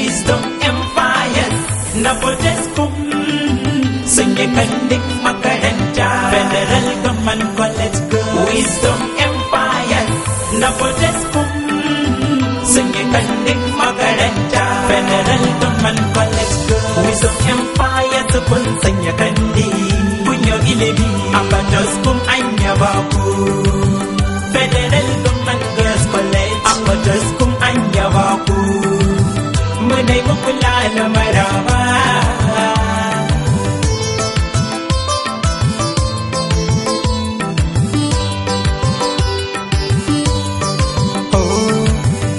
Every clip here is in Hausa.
wisdom empire na Buddhist school sun makaranta federal government college girls wisdom empire na Buddhist school sun makaranta federal government college girls wisdom empires kun sanya kandi kun yi ilimi a Buddhist school federal government college a kula na maraba oh,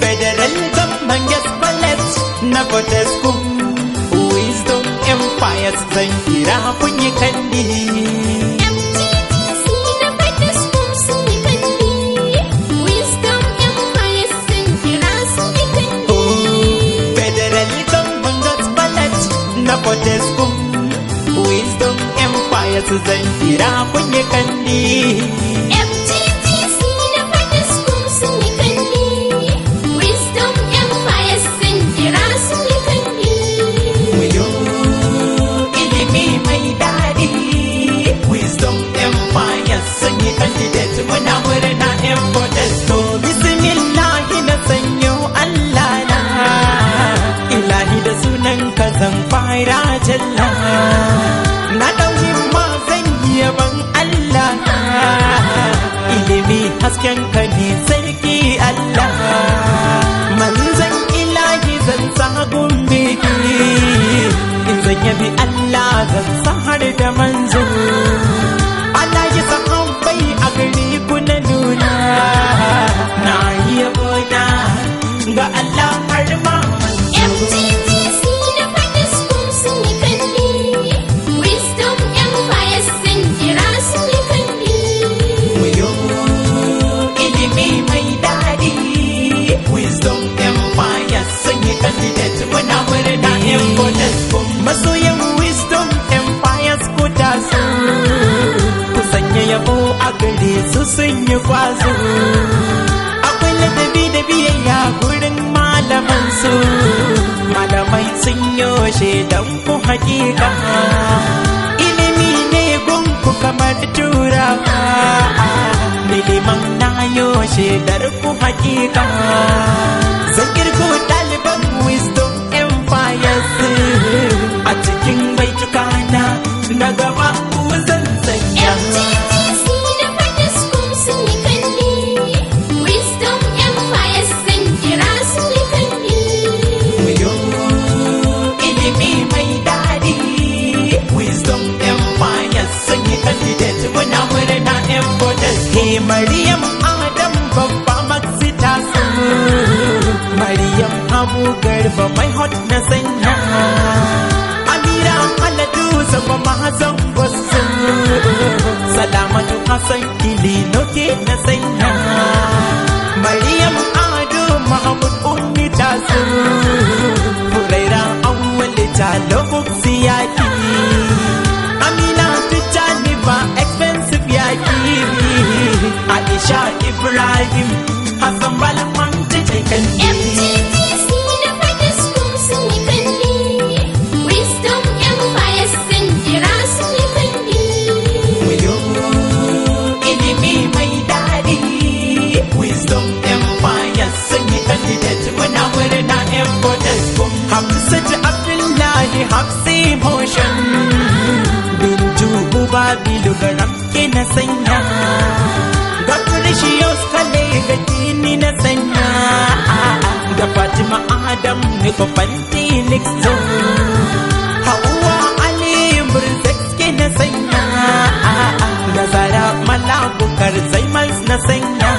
Federal government yes balance na Fortescu Wisdom empires zan kira kunyi kandili successful wisdom empires zan kira kunye kandi hasken ka ne sarki Allah manzan ilahi zan sahagun biki in zan yabi Allah zan sahar da manzan yi kwazo akwai ladabi da biyayya gurin malaman su malamai sun yoshe dan ku hakika ilimi ne gunku kamar turawa miliman na yoshe dar ku hakika linoke ke na sanya maryam ado mahmud unni ta su furaira awwal ta lokuk siyaki amina tijani ba expensive yaki aisha ibrahim babilu ke na sanya ga firishiyos kale ga dini na sanya ga fatima adam ni kofan felix zon hawa ali ke na sanya ga zara malabukar zaimals na sanya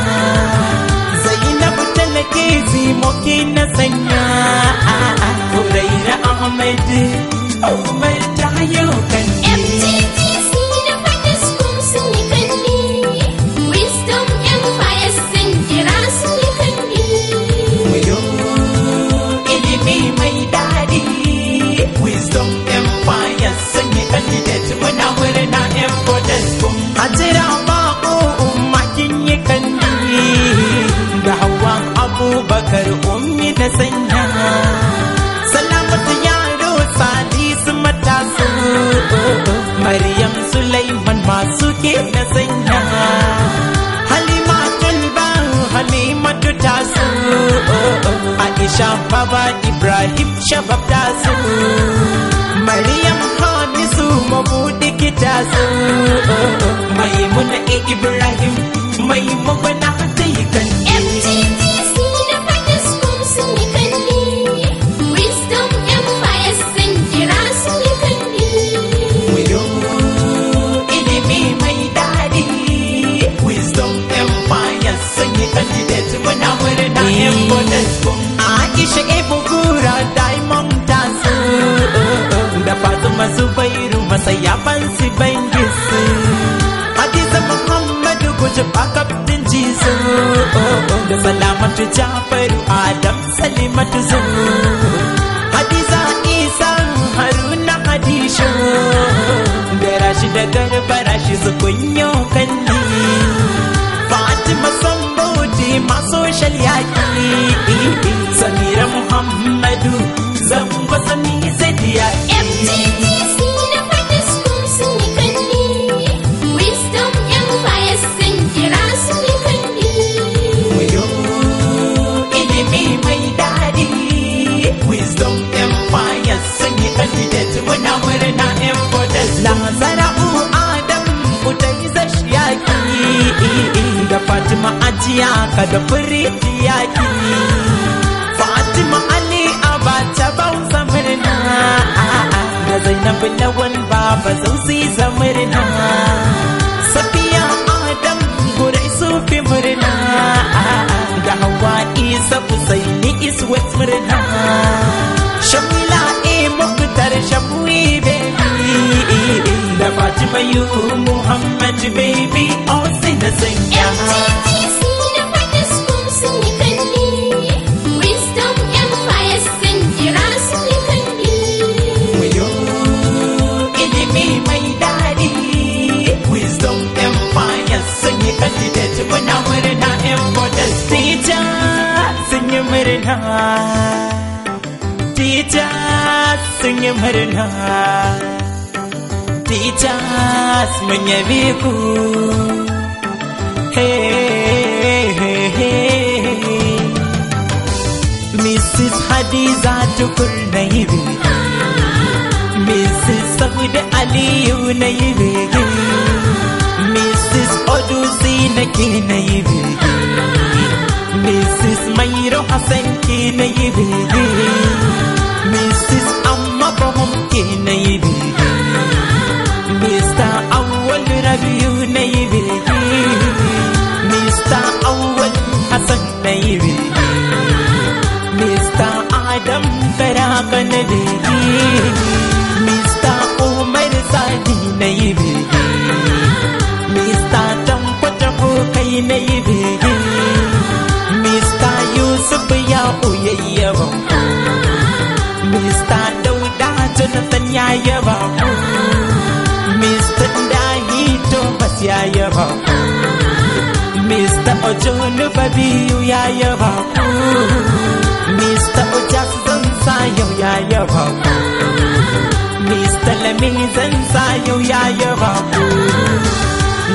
na ke zimoki na sanya Huraira Ahmed Shababa Ibrahim Shabab Tasu Maryam Hamisu Mabudi Kitasu Maimuna Ibrahim Maimuna Hatayikan Ibrahim ishe bugura diamond su da fatu masu bairu masa yaban si bangisu hadiza muhammadu guje backup din jisu da salamatu jafaru adam salimatu zu hadiza isa haruna hadisha da rashi da garba rashi su kunya da ya yaki Fatima Ali a ta murna Da Zainabu lawan baba zausi za murna Safiya Adam gurai sufi murna Da hawa isa Usaini is murna Shamila e muktar baby Da Fatima yu Muhammad baby all say the same भरना तेजा संग भरना तेजास मेकू हे हे हे मिसेस हदीजा टुकुर नहीं वे मिसेस सऊद अलीयू नहीं वे मिसेस ओडूसी नकी नहीं वे Mrs a san ki na yi bebe mrs amma ba ki na yi bebe mr awwal rabiu na yi bebe mr awwal hasan na yi bebe mr adam baraka na bebe mr umar sadi na yi bebe mr tankwata kai na yi bebe Mr. Dahito bas ya Mr. Ojon Babiyu ya yaba ku Mr. Ojackson Sayo ya yaba ku Mr. Leming Sayo ya yaba ku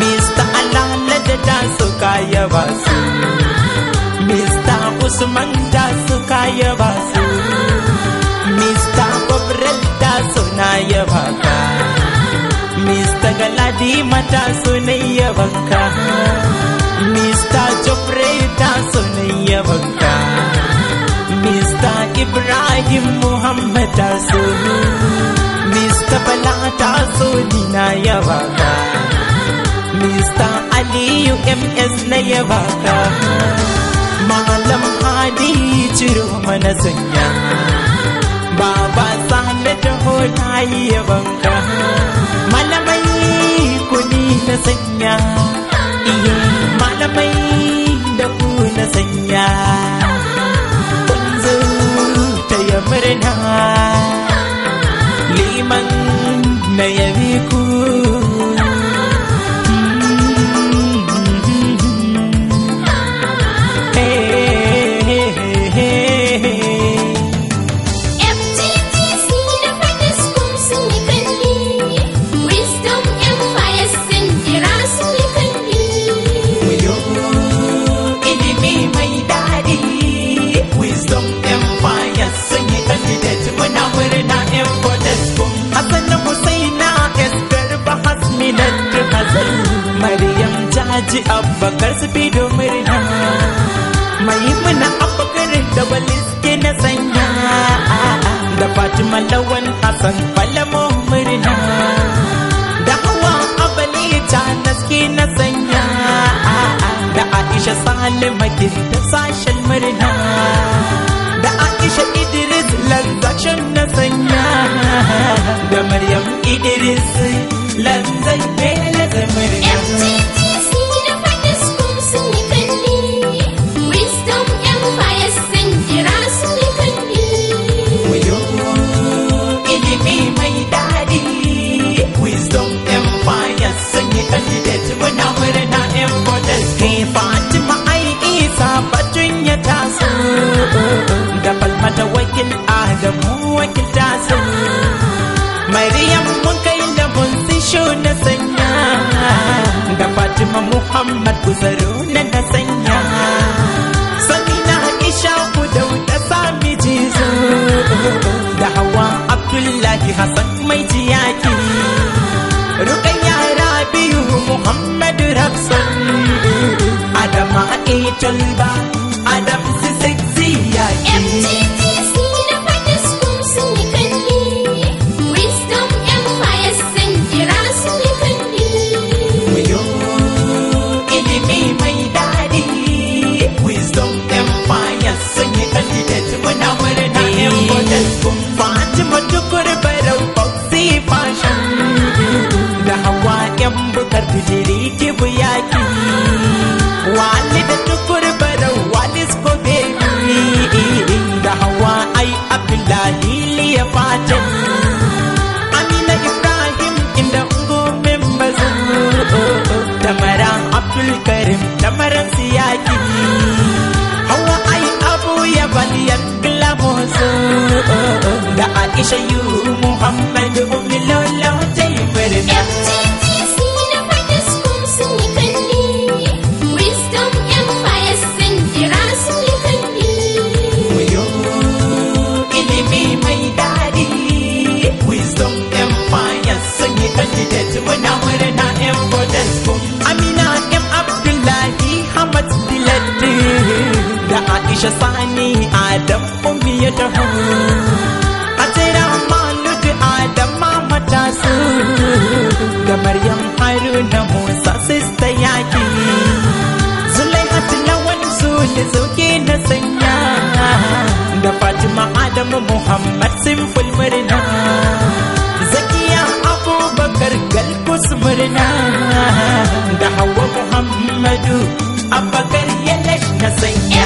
Mr. Alala da da suka yaba su Mr. Usman da suka yaba Mr. na ya ka Mr. Galadi mata so na Mr. Jofre ta Mr. Ibrahim Muhammad ta Mr. Bala ta so na Mr. Aliyu MS na Malam Hadi mana sanya ta yi yabanka malamai kuni na sanya malamai da ku na sanya kunzu ta yi murna liman na yabi ku ke na sanya da Aisha salima ke ta sashen murna da Aisha Idris lanzakshen na sanya da Maryam Idris lanzan ne na zamurna wakil adamu ta sanya maryam mun kai da bun shi na sanya da fatima muhammad kusaro na na sanya samina isha ku dauda sami jizo da hawa abdullahi hassan mai jiyaki rukayya rabiu muhammad rafsan adama itul ba ni adam ummi ya taho hatira malud adam mama da maryam haruna musa sista yaki zulaihat lawan su ne sauke na sanya da fatima Adamu, muhammad simful murna zakiya abubakar galkus murna da hawa muhammadu abakar yalash na sanya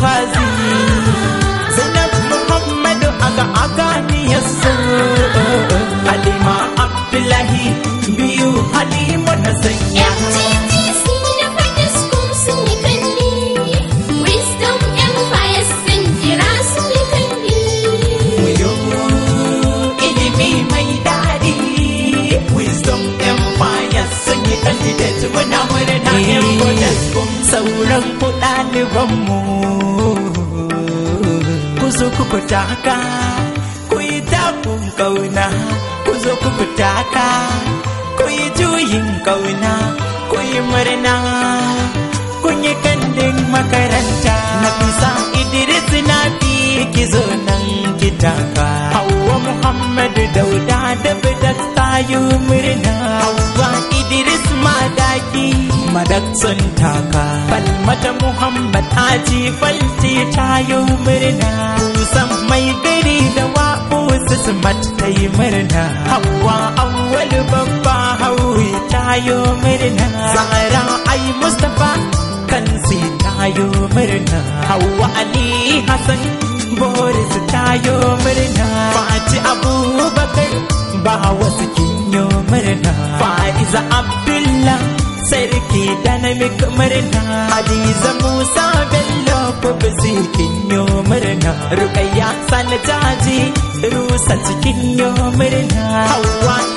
快乐。Kauna ku murna kun yi kandin makaranta na sa Idris na fi ki zo nan ki taka Hauwa Muhammadu Dauda da Bidak tayu murna Hauwa Idris madaki Madak sun taka Falmata Muhammad Haji Falti tayu murna Kusan mai gari da waƙo su su yi murna hawa Awwal babba tayo murna zahra ai mustafa kan si tayo murna hawa ali hasan boris tayo murna fati abubakar ba wasu kinyo murna fa'iza abdullah sarki da murna hadiza musa bello kubsi kinyo murna rukayya sanataji rusa cikin yo murna hawa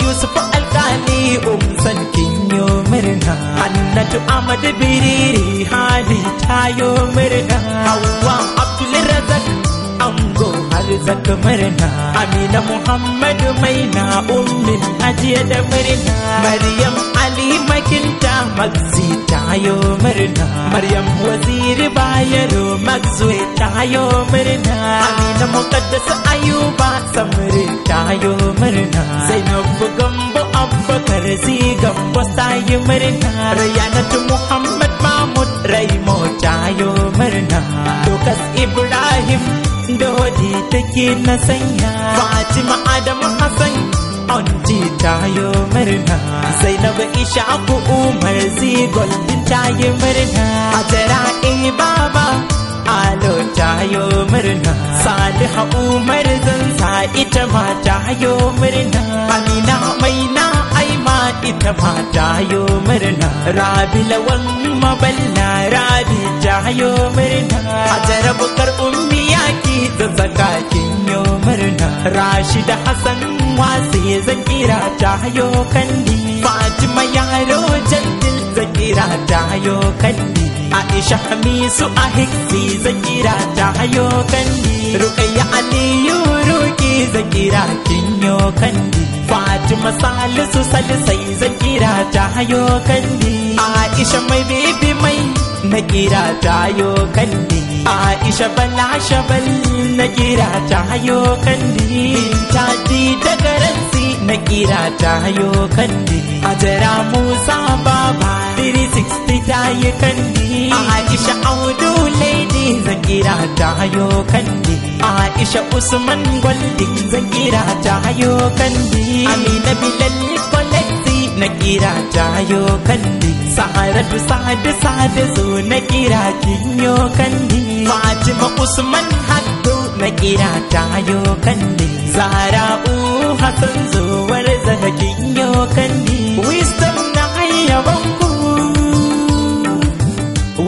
Hannatu Ahmad Biriri hali tayo murna Hawwa Abdul Razak Ango Arzak murna Amina Muhammadu Maina Ummin Hajiya da murna Maryam Ali Makinta Magzi tayo murna Maryam Waziri Bayero Magzwe tayo murna Amina Muqaddas Ayuba Samri tayo murna Zainab Gamba abubakar zigan wasa yi murna rayanatu muhammad mahmud raimo tayo murna dokas ibrahim dodi hoji take na sanya fatima adam hassan onji tayo murna zainab ishaku umar zigon din tayi murna hajara baba alo tayo murna salihu umar zan sa ita ma tayo murna fatima yo murna rabi lawan maballa rabi tayo murna hajar bukar ummiya ki zazzaka yo murna rashida hasan wasi Zakira kira tayo kandi fatima yaro jaddil Zakira kira tayo kandi aisha hamisu ahiksi Zakira kira kandi ruqayya aliyu ruki Zakira kira kinyo kandi Fatima Salisu Salisai zan kira ta hayo kandi Aisha mai bibi mai na kira ta hayo kandi Aisha bala shabal na kira ta hayo kandi ta daga na kira ta hayo kandi a jira musa baba 360 ta yi kandi a aisha audu lady zan kira ta hayo kandi a aisha usman gwaldi zan kira ta hayo kandi amina bilalli kwaletti na kira ta hayo kandi saharatu sadu sadu zo na kira kinyo kandi fatima usman hatta makiya ta yo kandi zara'u hakan zuwar zahakin yo kandi wisdom na yaban ku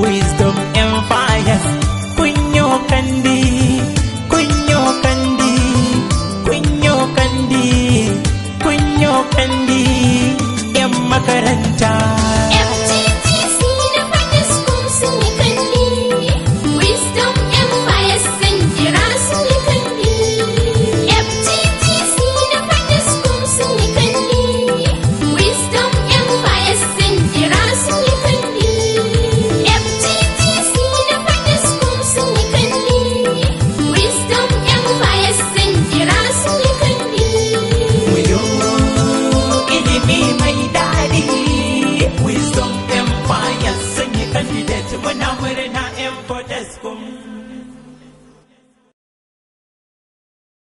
wisdom empires kun yo kandi kun yo kandi kun yo kandi kun yo kandi yan makaranta